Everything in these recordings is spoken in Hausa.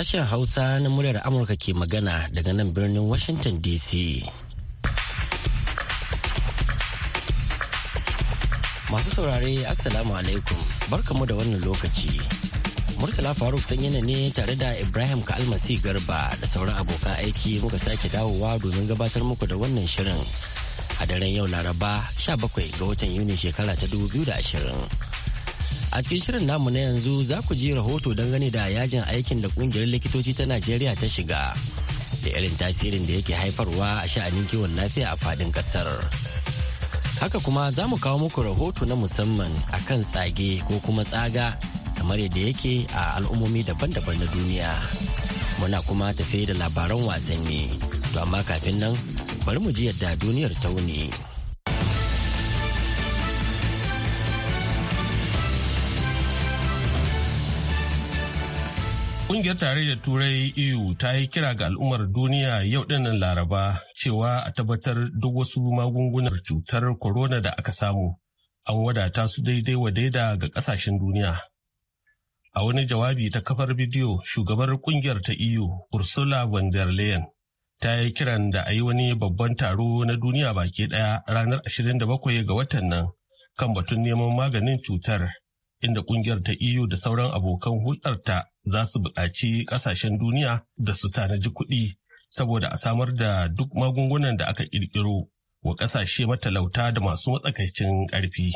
Sashen Hausa na muryar Amurka ke magana daga nan birnin Washington DC. Masu saurare Assalamu alaikum barkamu da wannan lokaci. Murtala Faruk sanyina ne tare da Ibrahim Kalmasi Garba da sauran abokan aiki muka sake dawowa domin gabatar muku da wannan shirin. A daren yau Laraba 17 ga watan Yuni shekara ta 2020. A cikin shirin namu na yanzu za ku ji rahoto dangane da yajin aikin da kungiyar likitoci ta Najeriya ta shiga da irin tasirin da yake haifarwa a sha'anin kiwon lafiya a fadin kasar. Haka kuma za mu kawo muku rahoto na musamman a kan tsage ko kuma tsaga kamar yadda yake a al'ummomi daban-daban na duniya. Muna kuma tafe da labaran wasanni, to amma kafin nan bari mu ji yadda duniyar ta wuni. Kungiyar tarayyar Turai EU ta yi kira ga al'ummar duniya yau dinnan Laraba cewa a tabbatar duk wasu magungunan cutar corona da aka samu an wadata su daidai wa daida ga ƙasashen duniya. A wani jawabi ta kafar bidiyo shugabar kungiyar ta EU Ursula von der Leyen ta yi kiran da a yi wani babban taro na duniya baki ɗaya, ranar 27 ga watan nan kan batun neman maganin cutar inda kungiyar ta EU da sauran abokan hulɗarta za su buƙaci ƙasashen duniya da su tanaji kuɗi saboda a samar da duk magungunan da aka ƙirƙiro wa ƙasashe matalauta da masu matsakaicin ƙarfi.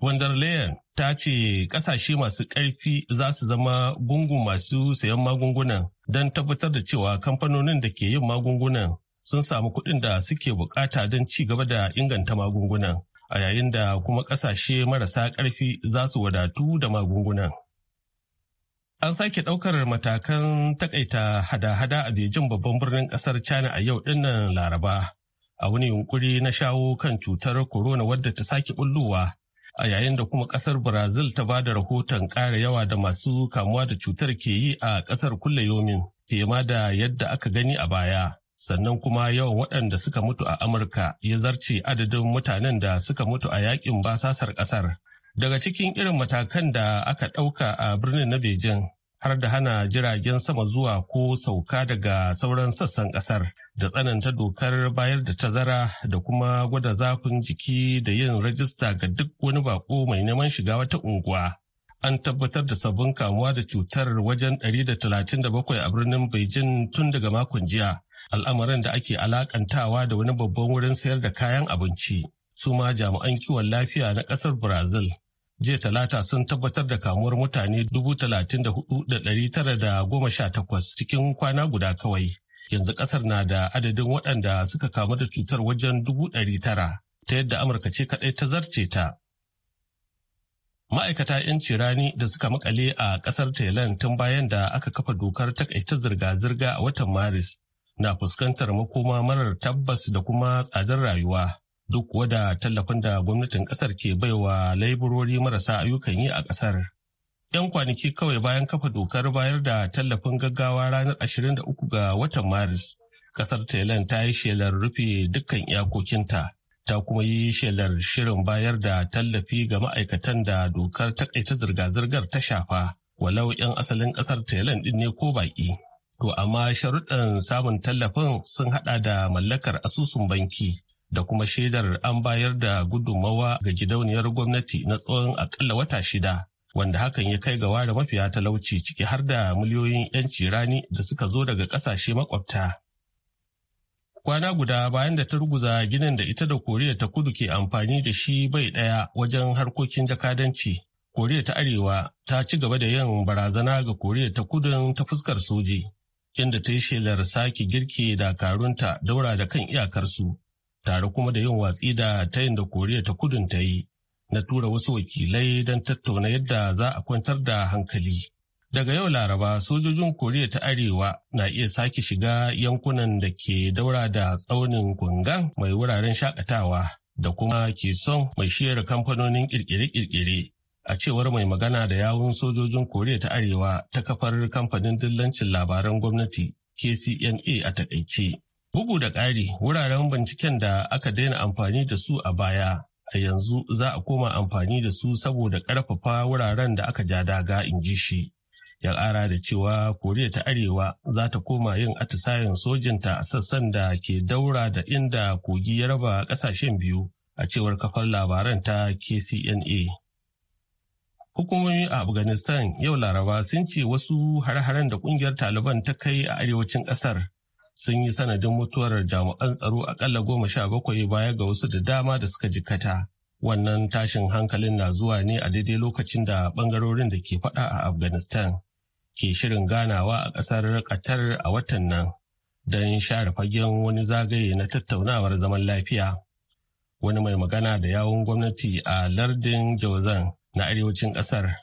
Wanderleyen ta ce ƙasashe masu ƙarfi za su zama gungun masu sayan magungunan don tabbatar da cewa kamfanonin da ke yin magungunan sun samu kuɗin da suke bukata don ci gaba da inganta magungunan. a yayin da kuma ƙasashe marasa ƙarfi za su wadatu da magungunan. An sake ɗaukar matakan takaita hada-hada a Bejin babban birnin ƙasar China a yau dinnan Laraba, a wani yunkuri na shawo kan cutar corona wadda ta sake bullowa, a yayin da kuma ƙasar Brazil ta ba da rahoton ƙara yawa da masu kamuwa da cutar ke yi a ƙasar kulle yomin, fiye ma da yadda aka gani a baya. sannan kuma yawan waɗanda suka mutu a Amurka ya zarce adadin mutanen da suka mutu a yakin basasar ƙasar. Daga cikin irin matakan da aka ɗauka a birnin na Bejin har da hana jiragen sama zuwa ko sauka daga sauran sassan ƙasar da tsananta dokar bayar da tazara da kuma gwada zafin jiki da yin rajista ga duk wani baƙo mai neman shiga wata unguwa. an tabbatar da sabbin kamuwa da cutar wajen 137 a birnin Beijing tun daga makon jiya Al'amuran da ake alakantawa da wani babban wurin sayar da kayan abinci su ma jami'an kiwon lafiya na ƙasar brazil jiya talata sun tabbatar da kamuwar mutane da tara goma takwas cikin kwana guda kawai yanzu ƙasar na da adadin waɗanda suka kamu da cutar wajen dubu tara, ta yadda amurka ce kaɗai ta zarce ta ma'aikata 'yanci rani da suka makale a ƙasar thailand tun bayan da aka kafa dokar takaita zirga-zirga a watan maris na fuskantar makoma marar tabbas da kuma tsadar rayuwa duk wada tallafin da gwamnatin kasar ke baiwa laiburori marasa ayyukan yi a kasar. 'Yan kwanaki kawai bayan kafa dokar bayar da tallafin gaggawa ranar 23 ga watan Maris, kasar Thailand ta yi shelar rufe dukkan iyakokinta, ta kuma yi shelar shirin bayar da tallafi ga ma'aikatan da dokar takaita zirga-zirgar ta shafa, walau 'yan asalin kasar tailan ɗin ne ko baƙi. To amma sharuɗan samun tallafin sun haɗa da mallakar asusun banki da kuma shaidar an bayar da gudummawa ga gidauniyar gwamnati na tsawon akalla wata shida. Wanda hakan ya kai ga ware mafiya talauci ciki har da miliyoyin 'yanci rani da suka zo daga ƙasashe makwabta. Kwana guda bayan da ta ruguza ginin da ita da Koriya ta kudu ke amfani da shi bai ɗaya wajen harkokin jakadanci. Koriya ta Arewa ta ci gaba da yin barazana ga Koriya ta kudun ta fuskar soji. inda ta yi shelar sake girke dakarunta daura da kan iyakarsu tare kuma da yin watsi da ta yin da koriya ta kudun ta yi na tura wasu wakilai don tattauna yadda za a kwantar da hankali daga yau laraba sojojin koriya ta arewa na iya sake shiga yankunan da ke daura da tsaunin kwangan mai wuraren shakatawa da kuma ke son mai shiyar kamfanonin kirkire-kirkire a cewar mai magana da yawun sojojin koriya ta arewa ta kafar kamfanin dillancin labaran gwamnati kcna a takaice bugu da ƙari wuraren binciken da aka daina amfani da su a baya a yanzu za a koma amfani da su saboda ƙarfafa wuraren da aka ja daga in ji shi ya ƙara da cewa koriya ta arewa za ta koma yin atisayen sojinta a sassan da ke daura da inda kogi ya raba ƙasashen biyu a cewar kafar labaran ta kcna Hukumomi a Afghanistan yau Laraba sun ce wasu har-haren da kungiyar Taliban ta kai a arewacin ƙasar sun yi sanadin mutuwar jami'an tsaro akalla goma sha bakwai baya ga wasu da dama da suka jikata. Wannan tashin hankalin na zuwa ne a daidai lokacin da bangarorin da ke faɗa a Afghanistan ke shirin ganawa a ƙasar Qatar a watan nan don share fagen wani zagaye na tattaunawar zaman lafiya. Wani mai magana da yawun gwamnati a lardin Jauzan na arewacin ƙasar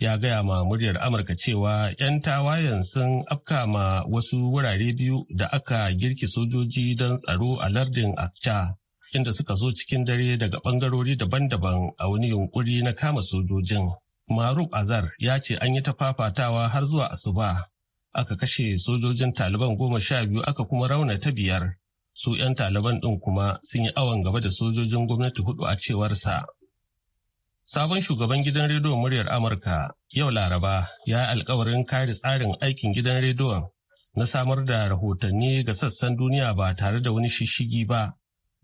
ya gaya ma muryar Amurka cewa 'yan tawayen sun afka ma wasu wurare biyu da aka girki sojoji don tsaro a lardin Akcha, inda suka zo cikin dare daga bangarori daban-daban a wani yunkuri na kama sojojin. Maruk Azar ya ce an yi tafafatawa har zuwa asuba. Aka kashe sojojin Taliban goma sha biyu aka kuma rauna ta biyar. Su 'yan Taliban ɗin kuma sun yi awon gaba da sojojin gwamnati hudu a cewarsa. Sabon shugaban gidan rediyon muryar Amurka yau Laraba ya yi alkawarin kare tsarin aikin gidan rediyon na samar da rahotanni ga sassan duniya ba tare da wani shishigi ba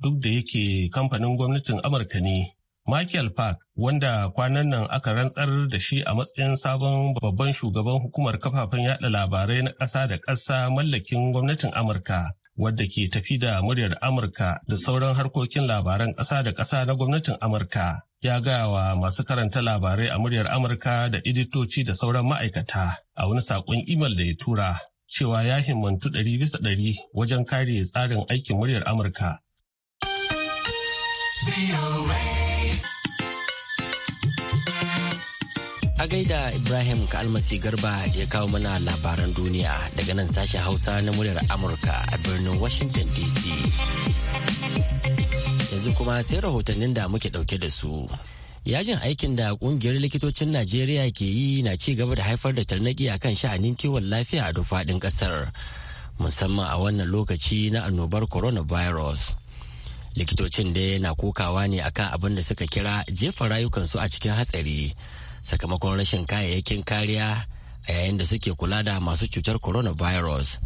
duk da yake kamfanin gwamnatin Amurka ne. Michael Park wanda kwanan nan aka rantsar da shi a matsayin sabon babban shugaban hukumar kafafen yada labarai na ƙasa da ƙasa mallakin gwamnatin Amurka wadda ke tafi da muryar Amurka da sauran harkokin labaran ƙasa da ƙasa na gwamnatin Amurka. ya gaya wa masu karanta labarai a muryar Amurka da editoci da sauran ma'aikata a wani saƙon imel da ya tura cewa ya himmantu ɗari bisa ɗari wajen kare tsarin aikin muryar Amurka. A gaida Ibrahim Kalmasi Garba da ya kawo mana labaran duniya daga nan sashen Hausa na muryar Amurka a birnin Washington DC. yanzu kuma sai rahotannin da muke dauke da su. Yajin aikin da kungiyar likitocin Najeriya ke yi na ci gaba da haifar da tarnaki akan sha'anin kiwon lafiya a dufaɗin ƙasar, musamman a wannan lokaci na annobar coronavirus. Likitocin dai na kokawa ne akan abin da suka kira jefa rayukansu a cikin hatsari sakamakon rashin kayayyakin kariya a yayin da suke kula da masu cutar coronavirus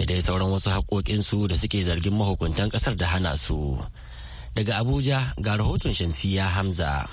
da dai sauran wasu haƙoƙinsu da suke zargin mahukuntan ƙasar da hana su. Daga Abuja ga rahoton Shamsiyya Hamza.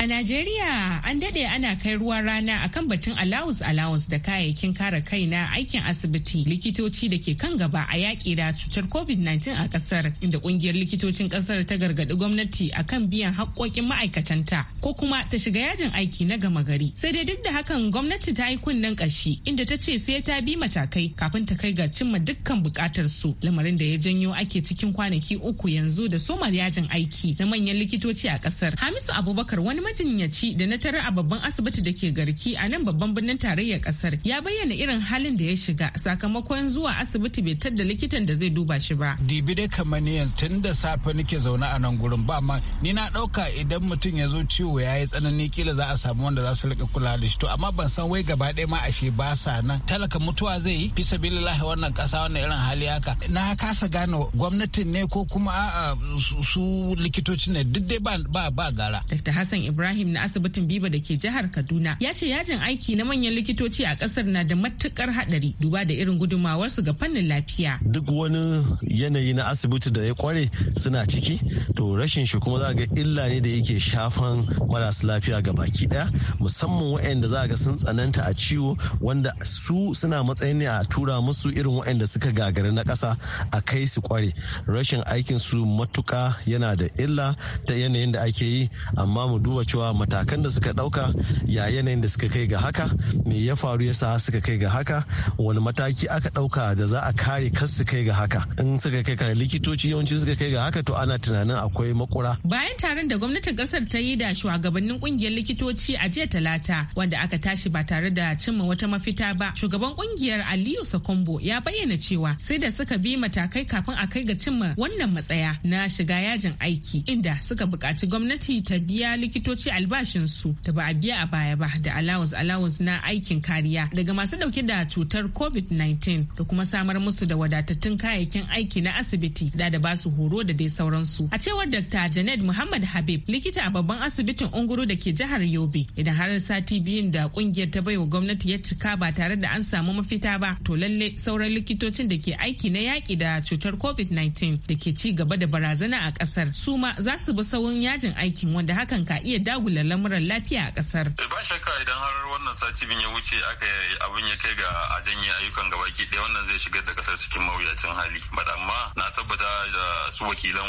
A Najeriya an daɗe ana kai ruwa rana akan batun alawus alawus da kayayyakin kare kai na aikin asibiti likitoci da ke kan gaba a yaƙi da cutar COVID-19 a ƙasar inda ƙungiyar likitocin ƙasar ta gargaɗi gwamnati akan biyan haƙƙoƙin ma'aikatanta ko kuma ta shiga yajin aiki na gama gari. Sai dai duk da hakan gwamnati ta yi kunnen ƙashi inda ta ce sai ta bi matakai kafin ta kai ga cimma dukkan buƙatar su lamarin da ya janyo ake cikin kwanaki uku yanzu da soma yajin aiki na manyan likitoci a ƙasar. Hamisu Abubakar wani majinyaci da na tarar a babban asibiti da ke garki a nan babban birnin tarayyar kasar ya bayyana irin halin da ya shiga sakamakon zuwa asibiti bai tadda likitan da zai duba shi ba. Dibi dai kamar ni yanzu tun da safe nake zaune a nan gurin ba ma ni na ɗauka idan mutum ya zo ciwo ya yi tsanani kila za a samu wanda za su riƙa kula da shi to amma ban san wai gaba ɗaya ma ashe ba sa nan talaka mutuwa zai yi fi sabilillahi wannan ƙasa wannan irin hali haka na kasa gane gwamnatin ne ko kuma a'a su likitocin ne duk dai ba ba gara. Dr. Hassan Ibrahim Ibrahim na asibitin Biba da ke jihar Kaduna ya ce yajin aiki na manyan likitoci a kasar na da matukar hadari duba da irin gudumawar su ga fannin lafiya. Duk wani yanayi na asibiti da ya kware suna ciki to rashin shi kuma za ga illa ne da yake shafan marasa lafiya ga baki daya musamman waɗanda za ga sun tsananta a ciwo wanda su suna matsayin ne a tura musu irin waɗanda suka gagari na kasa a kai su kware rashin aikin su matuka yana da illa ta yanayin da ake yi amma mu duba duba cewa matakan da suka dauka ya yanayin da suka kai ga haka me ya faru ya sa suka kai ga haka wani mataki aka dauka da za a kare kar su kai ga haka in suka kai ga likitoci yawanci suka kai ga haka to ana tunanin akwai makura bayan taron da gwamnatin kasar ta yi da shugabannin kungiyar likitoci a jiya talata wanda aka tashi ba tare da cimma wata mafita ba shugaban kungiyar aliyu sakombo ya bayyana cewa sai da suka bi matakai kafin a kai ga cimma wannan matsaya na shiga yajin aiki inda suka buƙaci gwamnati ta biya likitoci likitoci albashinsu da ba a biya a baya ba da allowance allowance na aikin kariya daga masu dauke da cutar covid-19 da kuma samar musu da wadatattun kayayyakin aiki na asibiti da da basu horo da dai sauransu a cewar dr janet muhammad habib likita a babban asibitin unguru da ke jihar yobe idan har sati biyun da kungiyar ta baiwa gwamnati ya cika ba tare da an samu mafita ba to lalle sauran likitocin da ke aiki na yaki da cutar covid-19 da ke ci gaba da barazana a ƙasar su ma za su bi sauran yajin aikin wanda hakan ka iya iya dagula lamuran lafiya a kasar. Eh, ba shakka idan har wannan sati bin ya wuce aka abin ya kai ga a janye ayyukan gaba ki ɗaya wannan zai shigar da kasar cikin mawuyacin hali. Ba amma na tabbata da su wakilan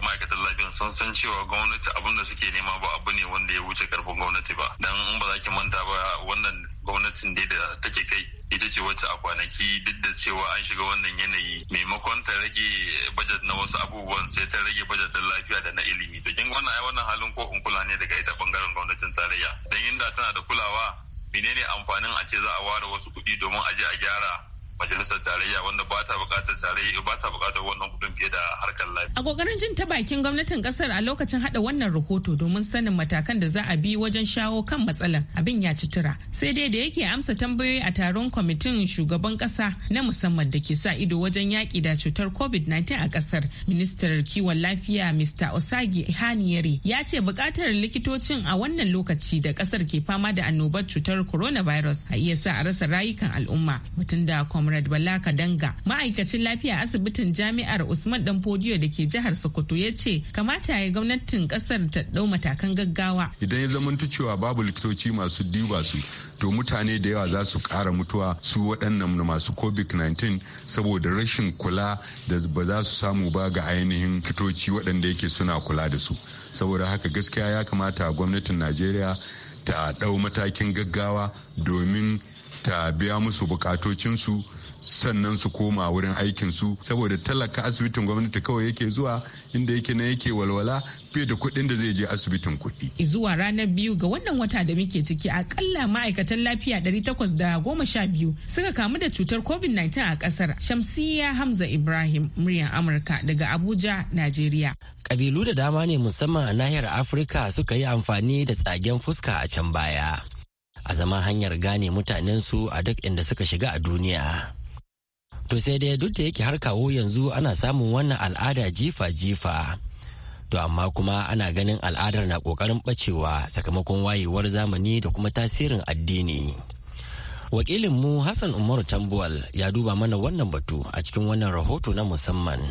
ma'aikatan lafiya sun san cewa gwamnati abin da suke nema ba abu ne wanda ya wuce karfin gwamnati ba. Dan in ba za ki manta ba wannan gwamnatin dai da take kai ita ce wacce a kwanaki duk da cewa an shiga wannan yanayi maimakon ta rage bajet na wasu abubuwan sai ta rage bajet na lafiya da na ilimi to kin wannan ai wannan halin ko in kula ne daga ita bangaren gwamnatin tarayya dan inda tana da kulawa menene amfanin a ce za a ware wasu kuɗi domin a je a gyara majalisar tarayya wanda ba ta bukatar tarayya ba ta bukatar wannan kudin fiye da harkar lafiya. A kokarin jin ta bakin gwamnatin kasar a lokacin hada wannan rahoto domin sanin matakan da za a bi wajen shawo kan matsalar abin ya ci tura. Sai dai da yake amsa tambayoyi a taron kwamitin shugaban kasa na musamman da ke sa ido wajen yaki da cutar COVID-19 a kasar. Ministar kiwon lafiya Mr. Osagi haniyari ya ce bukatar likitocin a wannan lokaci da kasar ke fama da annobar cutar coronavirus a iya sa a rasa rayukan al'umma. Mutum da Comrade Bala Kadanga, ma'aikacin lafiya asibitin jami'ar Usman Dan Fodiyo da ke jihar Sokoto ya ce kamata ya gwamnatin kasar ta ɗau matakan gaggawa. Idan ya zamanta cewa babu likitoci masu diba su to mutane da yawa za su kara mutuwa su waɗannan masu COVID-19 saboda rashin kula da ba za su samu ba ga ainihin likitoci waɗanda yake suna kula da su. Saboda haka gaskiya ya kamata gwamnatin Najeriya ta ɗau matakin gaggawa domin ta biya musu bukatocinsu sannan su koma wurin aikinsu saboda talaka asibitin gwamnati kawai yake zuwa inda yake na yake walwala fiye da kuɗin da zai je asibitin kuɗi. Zuwa ranar biyu ga wannan wata da muke ciki akalla ma'aikatan lafiya ɗari takwas da goma sha biyu suka kamu da cutar COVID-19 a ƙasar. Shamsiya Hamza Ibrahim, muryar Amurka daga Abuja, Najeriya. Kabilu da dama ne musamman a nahiyar Afirka suka yi amfani da tsagen fuska a can baya. a zama hanyar gane mutanensu a duk inda suka shiga a duniya. To sai dai duk da yake har kawo yanzu ana samun wannan al'ada jifa-jifa. To amma kuma ana ganin al'adar na ƙoƙarin ɓacewa sakamakon wayewar zamani da kuma tasirin addini. Wakilinmu Hassan Umaru Tambuwal ya duba mana wannan batu a cikin wannan rahoto na musamman.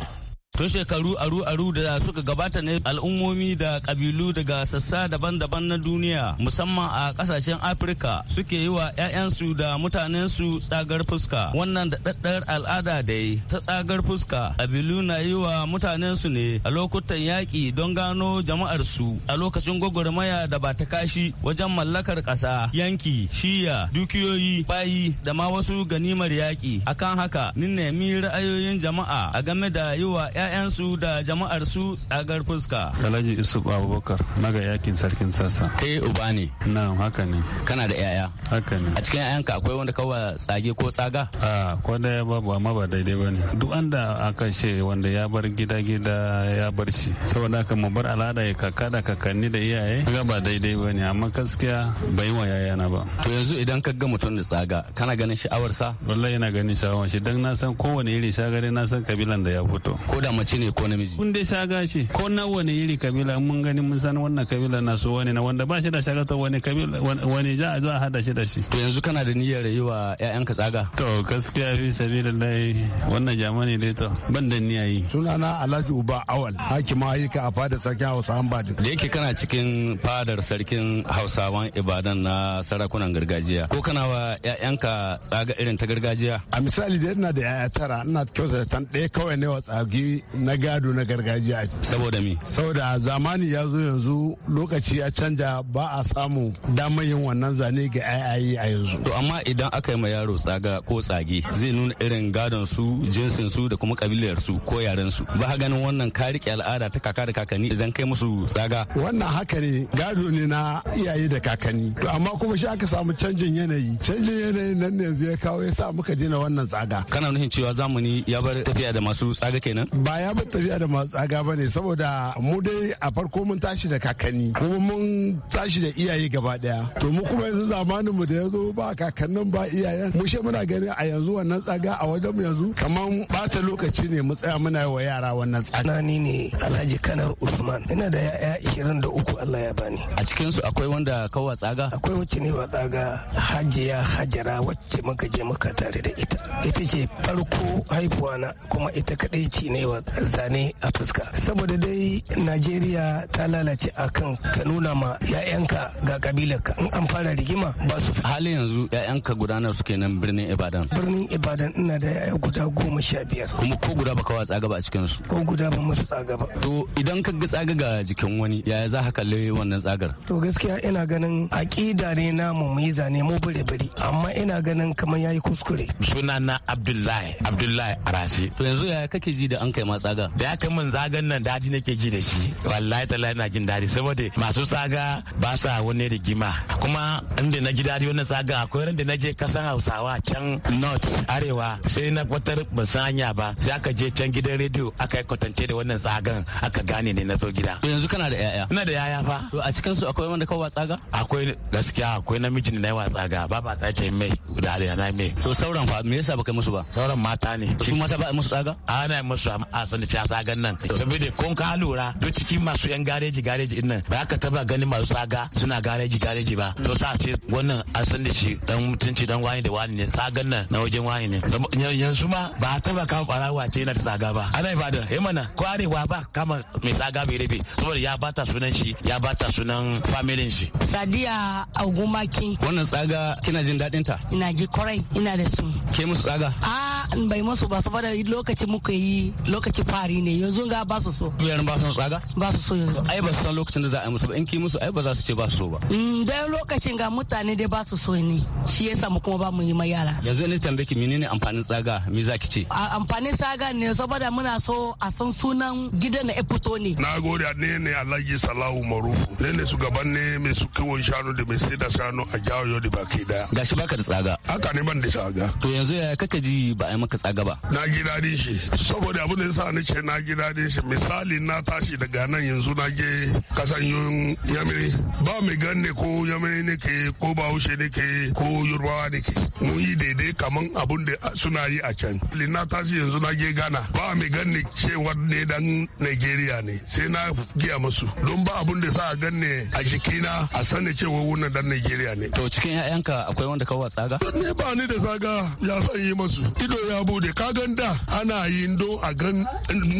tun shekaru aru aru da suka gabata ne al'ummomi da kabilu daga sassa daban-daban na duniya musamman a kasashen afirka suke yi wa 'ya'yansu da mutanensu tsagar fuska wannan da daddar al'ada dai ta tsagar fuska kabilu na yi wa mutanensu ne a lokutan yaƙi don gano jama'ar su a lokacin gwagwarmaya da ba ta kashi wajen mallakar ƙasa yanki shiya dukiyoyi bayi da ma wasu ganimar yaƙi akan haka ne mi ra'ayoyin jama'a a game da yi wa 'ya'yansu da jama'ar su tsagar fuska. Alhaji Isuf Abubakar na yakin sarkin sassa. Kai uba ne. Na haka ne. Kana da 'ya'ya. Haka ne. A cikin 'ya'yanka akwai wanda kawai tsage ko tsaga? A ko ya babu amma ba daidai ba ne. Duk anda aka ce wanda ya bar gida gida ya bar shi. Saboda haka mu bar al'ada ya kaka da kakanni da iyaye. Ga ba daidai ba ne amma gaskiya bai wa yayana ba. To yanzu idan ka ga mutum da tsaga kana ganin sha'awarsa? Wallahi ina ganin sha'awar shi dan na san kowane iri shagari na san kabilan da ya fito. Ko da mace ne ko namiji kun dai shaga ce ko na wani iri kabila mun gani mun san wannan kabila na so wani na wanda ba shi da shaga wani kabila wani za a zo a hada shi da shi to yanzu kana da niyyar yi wa ƴaƴanka tsaga to gaskiya fi sabilillahi wannan jamani dai to ban da niyya yi sunana Alhaji Uba Awal hakima ayyuka a fadar sarkin Hausa ba da yake kana cikin fadar sarkin Hausawan Ibadan na sarakunan gargajiya ko kana wa ƴaƴanka tsaga irin ta gargajiya a misali da ina da ƴaƴa tara ina kyautata tan ɗaya kawai ne wa tsagi na gado na gargajiya saboda me saboda zamani ya zo yanzu lokaci ya canja ba a samu damar yin wannan zane ga ayayi a yanzu to amma idan aka yi ma yaro tsaga ko tsage zai nuna irin gadon su jinsin su da kuma kabilar su ko yaren su ba ganin wannan ka rike al'ada ta kaka da kakanni idan kai musu tsaga wannan haka ne gado ne na iyaye da kakanni to amma kuma shi aka samu canjin yanayi canjin yanayi nan ne yanzu ya kawo ya sa muka jina wannan tsaga kana nuhin cewa zamani ya bar tafiya da masu tsaga kenan ba ba ya tafiya da masu tsaga ba ne saboda mu dai a farko mun tashi da kakanni kuma mun tashi da iyaye gaba daya to mu kuma yanzu zamanin mu da yazo ba kakannin ba iyayen mu she muna ganin a yanzu wannan tsaga a wajen mu yanzu kaman bata lokaci ne mu tsaya muna wa yara wannan tsaga ni ne Alhaji Kanar Usman ina da ya'ya uku Allah ya bani a cikin su akwai wanda kawa tsaga akwai wacce ne wa tsaga Hajiya Hajara wacce muka je muka tare da ita ita ce farko haihuwa na kuma ita kadai ce ne wa zane a fuska saboda dai najeriya ta lalace akan ka nuna ma 'ya'yanka ga kabilarka in an fara rigima ba su hali yanzu 'ya'yanka gudanar suke nan birnin ibadan birnin ibadan ina da 'ya'ya guda goma sha biyar kuma ko guda ba kawai tsaga ba a cikin su ko guda ba musu tsaga ba to idan ka ga tsaga ga jikin wani yaya za ka kalli wannan tsagar to gaskiya ina ganin aqida ne namu mu yi zane mu bure bari amma ina ganin kamar yayi kuskure sunana abdullahi abdullahi arashi to yanzu yaya kake ji da an kai ma tsaga da kai min zagan nan dadi nake ji da shi wallahi tallahi na jin dadi saboda masu tsaga ba sa wani rigima kuma inda na ji dadi wannan tsaga akwai ran da na je kasan hausawa can north arewa sai na kwatar ban san ba sai aka je can gidan rediyo aka yi kwatance da wannan tsagan aka gane ne na zo gida to yanzu kana da yaya ina da yaya fa to a cikin su akwai wanda kawai tsaga akwai gaskiya akwai namiji da na yawa tsaga ba ba ta ce mai da na mai to sauran fa me yasa baka musu ba sauran mata ne su mata ba musu tsaga ana musu a san da cewa sagan nan saboda kun ka lura duk cikin masu yan gareji gareji din nan ba ka taba ganin masu saga suna gareji gareji ba to sa ce wannan a san da shi dan mutunci dan wani da wani ne sagan nan na wajen wani ne yanzu ma ba taba kama barawa ce yana da saga ba ana ibadan eh mana ko arewa ba kama mai saga bai rabe saboda ya bata sunan shi ya bata sunan familin shi sadiya agumaki wannan tsaga kina jin daɗin ta ina ji kwarai ina da su ke musu tsaga a bai musu ba saboda lokacin muka yi lokacin lokaci fari ne yanzu ga ba su so Biyar ba su tsaga ba su so yanzu ai ba su san lokacin da za a yi musu ba in ki musu ai ba za su ce ba su so ba mm, dai lokacin ga mutane dai ba su so ne shi ya samu kuma ba mu yi ma yara yanzu ne tambaye ki menene amfanin tsaga me za ki ce amfanin tsaga ne saboda muna so a san sunan gidan na fito ne na gode ne ne Alhaji Salahu Marufu ne ne gaban ne mai su kiwon shanu da mai sai da shanu a jawo yau da baki daya gashi baka da tsaga haka ne ban da tsaga to yanzu yaya kaka ji ba a yi maka tsaga ba na ji daɗin shi saboda abin da sa ni ce na ji daɗin shi misali na tashi daga nan yanzu na je kasan yun yamiri ba mai ganne ko yamiri ne ke ko bahaushe ne ke ko yorubawa ne ke mun yi daidai kaman abun da suna yi a can na tashi yanzu na je gana ba mai ganne cewa ne dan nigeria ne sai na giya musu don ba abun da sa a ganne a jikina a sani cewa wannan dan nigeria ne to cikin 'ya'yanka akwai wanda kawo tsaga ne ba ni da tsaga ya san yi musu ido ya bude ka gan da ana yin don a gan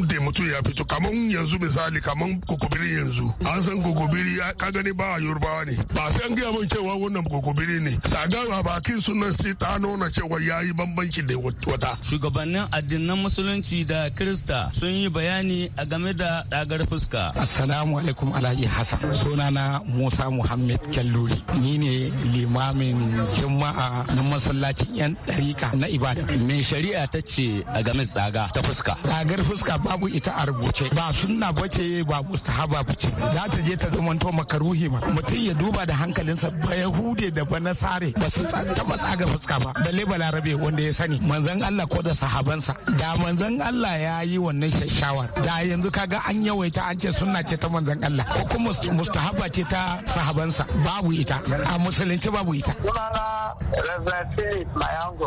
da mutum ya fito kamar yanzu misali kamar kokobiri yanzu an san kokobiri ka gani ba yorubawa ne ba sai an gaya min cewa wannan kokobiri ne saga a bakin sunan sai ta nuna cewa ya yi bambanci da wata shugabannin addinan musulunci da krista sun yi bayani a game da dagar fuska assalamu alaikum alhaji hassan sunana musa muhammad kyalluri ni ne limamin jama'a na masallacin yan ɗarika na ibada mai shari'a ta ce a game tsaga ta fuska bakar fuska babu ita a rubuce ba sunna bace ba mustahaba bace za ta je ta to makaruhi ma mutum ya duba da hankalinsa ba yahude da ba nasare ba su taba tsaga fuska ba balle balarabe wanda ya sani manzon Allah ko da sahabansa da manzon Allah ya yi wannan shashawar da yanzu kaga an yawaita an ce sunna ce ta manzon Allah ko kuma mustahaba ce ta sahabansa babu ita a musulunci babu ita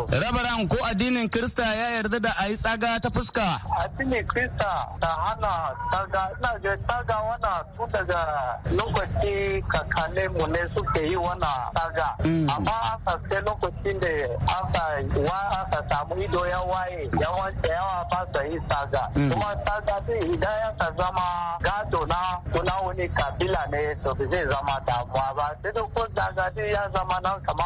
Reverend ko addinin Kirista ya yarda da a yi tsaga ta fuska? ne kirista ta hana taga ina je taga wana tun daga lokaci kakane mu ne suke yi wana taga mm. amma aka sai lokacin da aka wa aka samu ido ya waye yawan da yawa ba sa yi taga mm. kuma taga din idan ya ka zama gado na kuna wani kabila ne to zai zama damuwa ba sai da ko taga din ya zama nan kama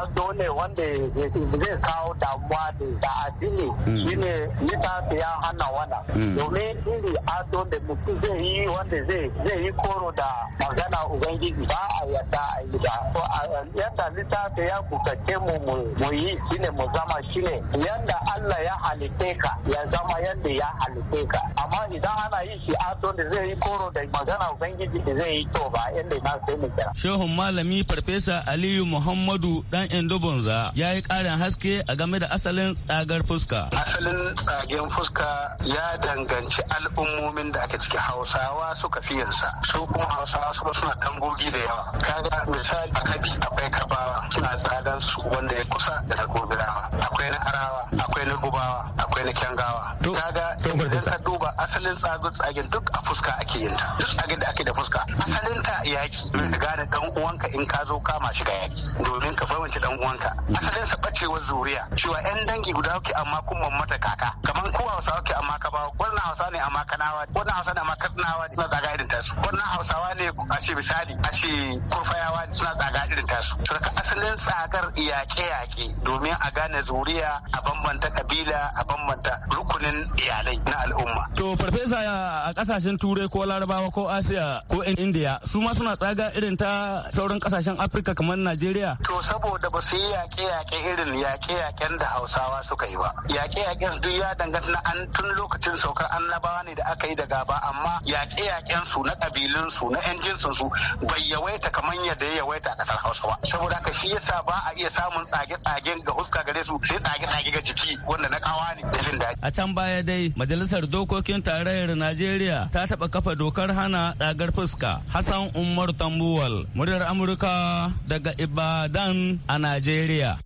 ado ne wanda zai kawo damuwa da addini mm. shine littafi ya hana wannan wannan domin hmm. iri ado da mutum zai yi wanda zai yi koro da magana ubangiji ba a yadda a yi da to a yadda littafi ya bukace mu mu yi shine mu zama shine yadda Allah ya halitte ka ya zama yadda ya halitte ka amma idan ana yi shi ado da zai yi koro da magana ubangiji da zai yi to ba inda na sai mu kira shehun malami farfesa Aliyu Muhammadu dan bonza ya yi karin haske a game da asalin tsagar fuska asalin tsagen fuska ya danganci al'ummomin da aka ciki hausawa suka fi yinsa su kuma hausawa su suna dangogi da yawa kaga misali a kabi akwai kabawa suna tsadan su wanda ya kusa da na gobirawa akwai na arawa akwai na gubawa akwai na kyangawa kaga idan ka duba asalin tsagun tsagen duk a fuska ake yin ta duk tsagen da ake da fuska asalin ta yaki ka mm. gane dan uwanka in ka zo kama shiga yaki domin ka fahimci dan uwanka mm. asalin sa bacewar zuriya cewa yan dangi guda kuke amma kun mata kaka kamar kowa sa kuke amma ka ba gwarnan hausa ne amma kanawa gwarnan hausa ne amma katsinawa ne suna tsaga irin tasu gwarnan hausawa ne a ce misali a ce kurfayawa ne suna tsaga irin tasu to daga asalin tsagar yaƙe-yaƙe domin a gane zuriya a bambanta kabila a bambanta rukunin iyalai na al'umma. to farfesa a kasashen turai ko larabawa ko asiya ko indiya su ma suna tsaga irin ta sauran kasashen afirka kamar najeriya. to saboda ba su yi yaƙe-yaƙe irin yaƙe-yaƙen da hausawa suka yi ba yaƙe-yaƙen duk ya danganta na an tun tun lokacin saukar annabawa ne da aka yi da gaba amma yaƙe-yaƙen su na ƙabilun su na yan jinsin su bai yawaita kamar yadda ya yawaita a ƙasar Hausa ba saboda haka shi yasa ba a iya samun tsage tsage ga huska gare su sai tsage-tsage ga jiki wanda na kawa ne da jin daɗi. A can baya dai majalisar dokokin tarayyar Najeriya ta taɓa kafa dokar hana tsagar fuska Hassan Umar Tambuwal muryar Amurka daga Ibadan a Najeriya.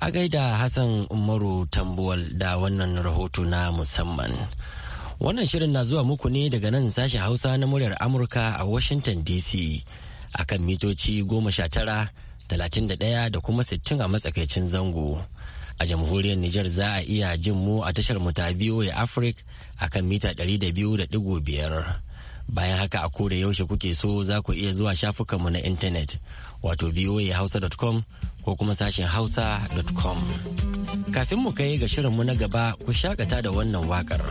A gaida Hassan Umaru Tambuwal da wannan rahoto na musamman. Wannan shirin na zuwa muku ne daga nan sashen Hausa na muryar Amurka a Washington DC a kan mitoci goma sha tara, talatin da ɗaya da kuma sittin a matsakaicin zango. A jamhuriyar Nijar za a iya jin mu a tashar mu ta VOA Africa a kan mita ɗari da biyu da Bayan haka a koda yaushe kuke so za ku iya zuwa shafukanmu na intanet wato voahausa.com ko kuma sashen hausa.com. Kafin mu kai ga shirinmu na gaba ku shakata da wannan waƙar.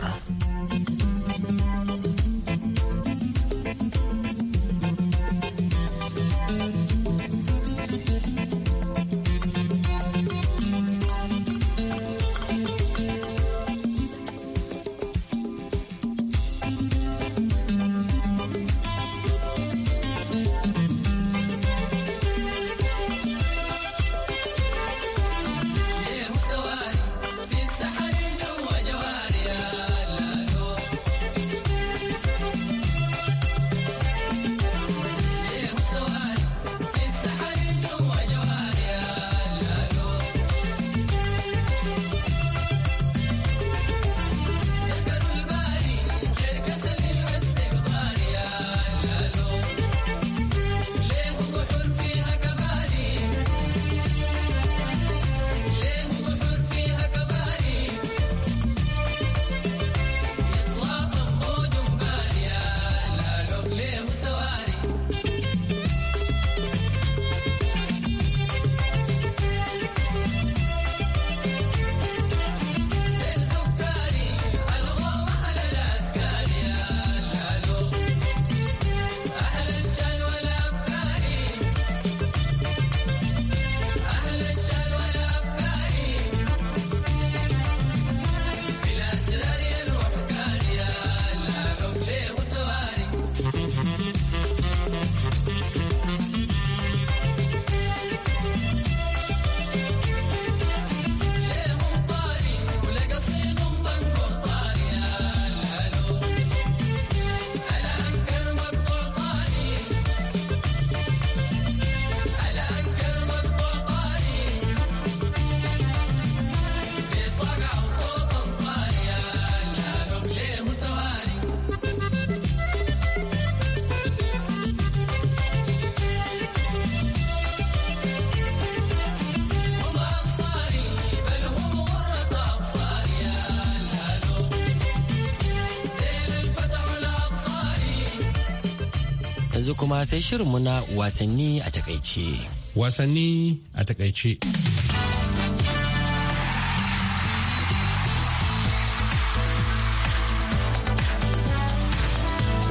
sai shirinmu na wasanni a takaice. Wasanni a takaice.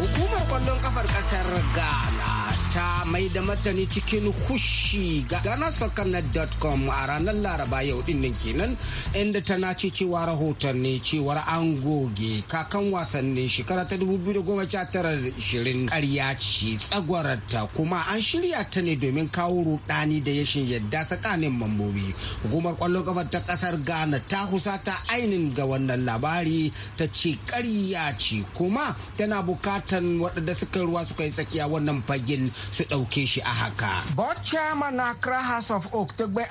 Hukumar kwallon kafar kasar Ghana ta mai da matani cikin hushi ga ganasakanar.com a ranar laraba yau dinnan kenan inda ta nace cewa rahoton ne cewar an goge kakan wasannin shekara ta 2019 karya ce tsagwararta kuma an shirya ta ne domin kawo rudani da yashin yadda tsakanin mambobi hukumar kwallon kafar ta kasar ghana ta husata ainin ga wannan labari ta ce karya ce kuma tana bukatan waɗanda suka ruwa suka yi tsakiya wannan fagen su ɗauke shi a haka. Board chairman na Accra House of Oak Tugbe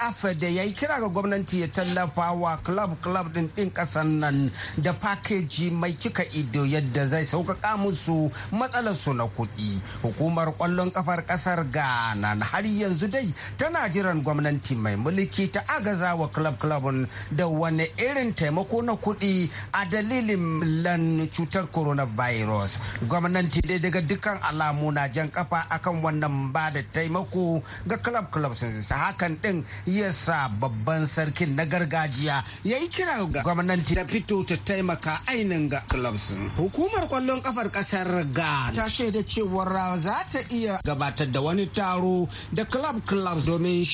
da ya yi kira ga gwamnati ya tallafa wa club club din din ƙasar nan da pakeji mai cika ido yadda zai sauƙaƙa musu matsalar su na kuɗi. Hukumar ƙwallon ƙafar ƙasar Ghana har yanzu dai tana jiran gwamnati mai mulki ta agaza wa club club da wani irin taimako na kuɗi a dalilin lan cutar coronavirus. Gwamnati dai daga dukkan alamu na jan kafa akan wannan ba da taimako ga club club hakan din ya sa babban sarkin na gargajiya ya yi kira ga gwamnati ta fito ta taimaka ainin ga clubs hukumar kwallon kafar kasar ga ta shaida cewar za ta iya gabatar da wani taro da club clubs domin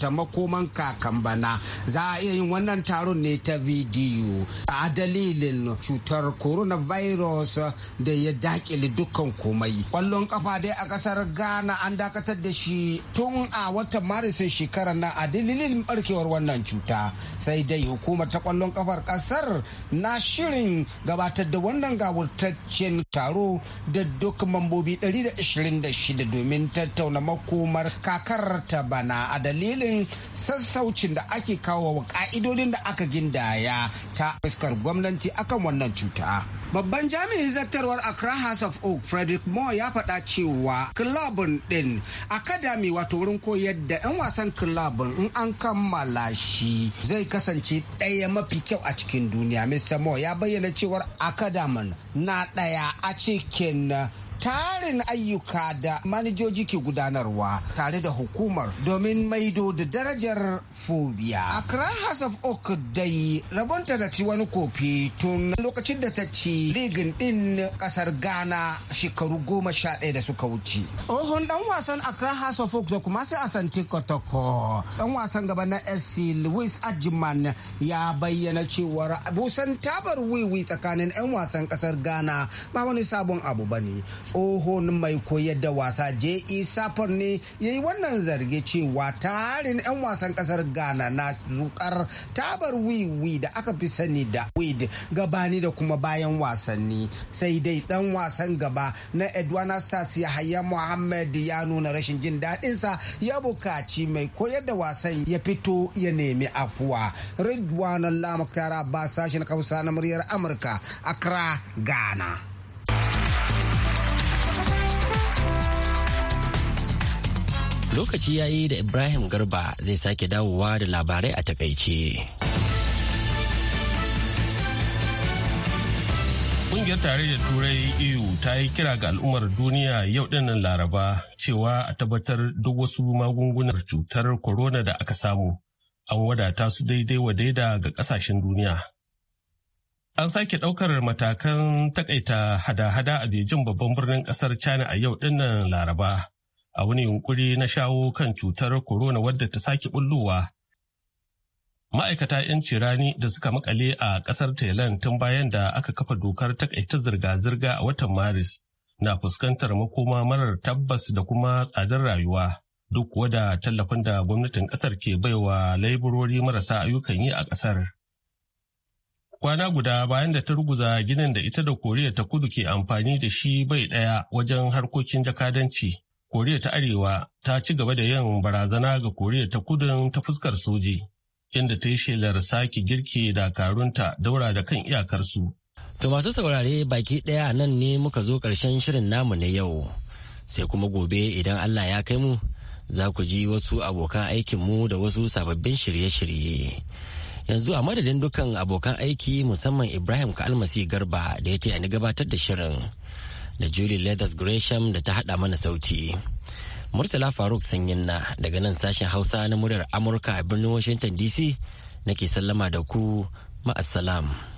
ta makoman kakan bana za a iya yin wannan taron ne ta bidiyo a dalilin cutar coronavirus da ya dakile dukkan komai kwallon kafa dai a kasar ghana an dakatar da shi tun a watan maris shekarar na a dalilin barkewar wannan cuta sai dai hukumar ta kwallon kafar kasar na shirin gabatar da wannan gawurtaccen taro da duk mambobi 126 domin tattauna makomar kakar ta bana a dalilin sassaucin da ake kawo wa ka'idodin da aka gindaya ta fuskar gwamnati akan wannan cuta. Babban jami'in zartarwar Accra House of Oak Frederick Moore ya faɗa cewa kilabun ɗin akadami wato wurin koyar da 'yan wasan kilabun in an kammala shi zai kasance ɗaya mafi kyau a cikin duniya. Mr. Moore ya bayyana cewar Academy na ɗaya a cikin tarin ayyuka da manijoji ke gudanarwa tare da hukumar domin maido da darajar fobia. Accra House of Oak dai rabonta da ci wani kofi tun lokacin da ta ci ligin din kasar Ghana shekaru goma sha ɗaya da suka wuce. Tsohon dan wasan Accra House of Oak da kuma sai a san Kotoko dan wasan gaba na SC Louis Ajiman ya bayyana cewar busan tabar wiwi tsakanin 'yan wasan kasar Ghana ba wani sabon abu ba ne. tsohon mai koyar da wasa je safar ne ya yi wannan zarge cewa tarin 'yan wasan kasar ghana na zukar tabar wiwi da aka fi sani da Gaba gabani da kuma bayan wasanni sai dai dan wasan gaba na edwana stars ya haya muhammad ya nuna rashin jin daɗinsa ya bukaci mai koyar da wasan ya fito ya nemi afuwa ridwan lamuktara ba sashen kausa na muryar amurka accra ghana Lokaci ya yi da Ibrahim Garba zai sake dawowa da labarai a takaice. Ƙungiyar tarayyar Turai EU ta yi kira ga al'ummar duniya yau dinnan Laraba cewa a tabbatar duk wasu magungunan cutar corona da aka samu an wadata su daidai wa daida ga ƙasashen duniya. An sake ɗaukar matakan takaita hada-hada a Bejin babban birnin ƙasar China a yau dinnan Laraba a wani yunkuri na shawo kan cutar corona wadda ta sake bullowa. Ma'aikata 'yanci rani da suka makale a ƙasar Thailand tun bayan da aka kafa dokar takaita zirga-zirga a watan Maris na fuskantar makoma marar tabbas da kuma tsadar rayuwa. Duk wada tallafin da gwamnatin ƙasar ke baiwa laiburori marasa ayyukan yi a ƙasar. kwana guda bayan da ta ruguza ginin da ita da koriya ta kudu ke amfani da shi bai ɗaya wajen harkokin jakadanci koriya ta arewa ta ci gaba da yin barazana ga koriya ta kudun ta fuskar soji inda ta yi shelar sake girke dakarunta daura da kan iyakarsu to masu saurare baki daya nan ne muka zo karshen shirin namu na yau sai kuma gobe idan allah ya kai mu za ku ji wasu abokan aikinmu da wasu sababbin shirye-shirye yanzu a madadin dukkan abokan aiki musamman ibrahim ka'almasi garba da ya ni gabatar da shirin da Julie Leathers Gresham da ta haɗa mana sauti. Murtala Faruk Sanyin na daga nan sashen Hausa na muryar Amurka a birnin Washington DC nake sallama da ku ma'assalam.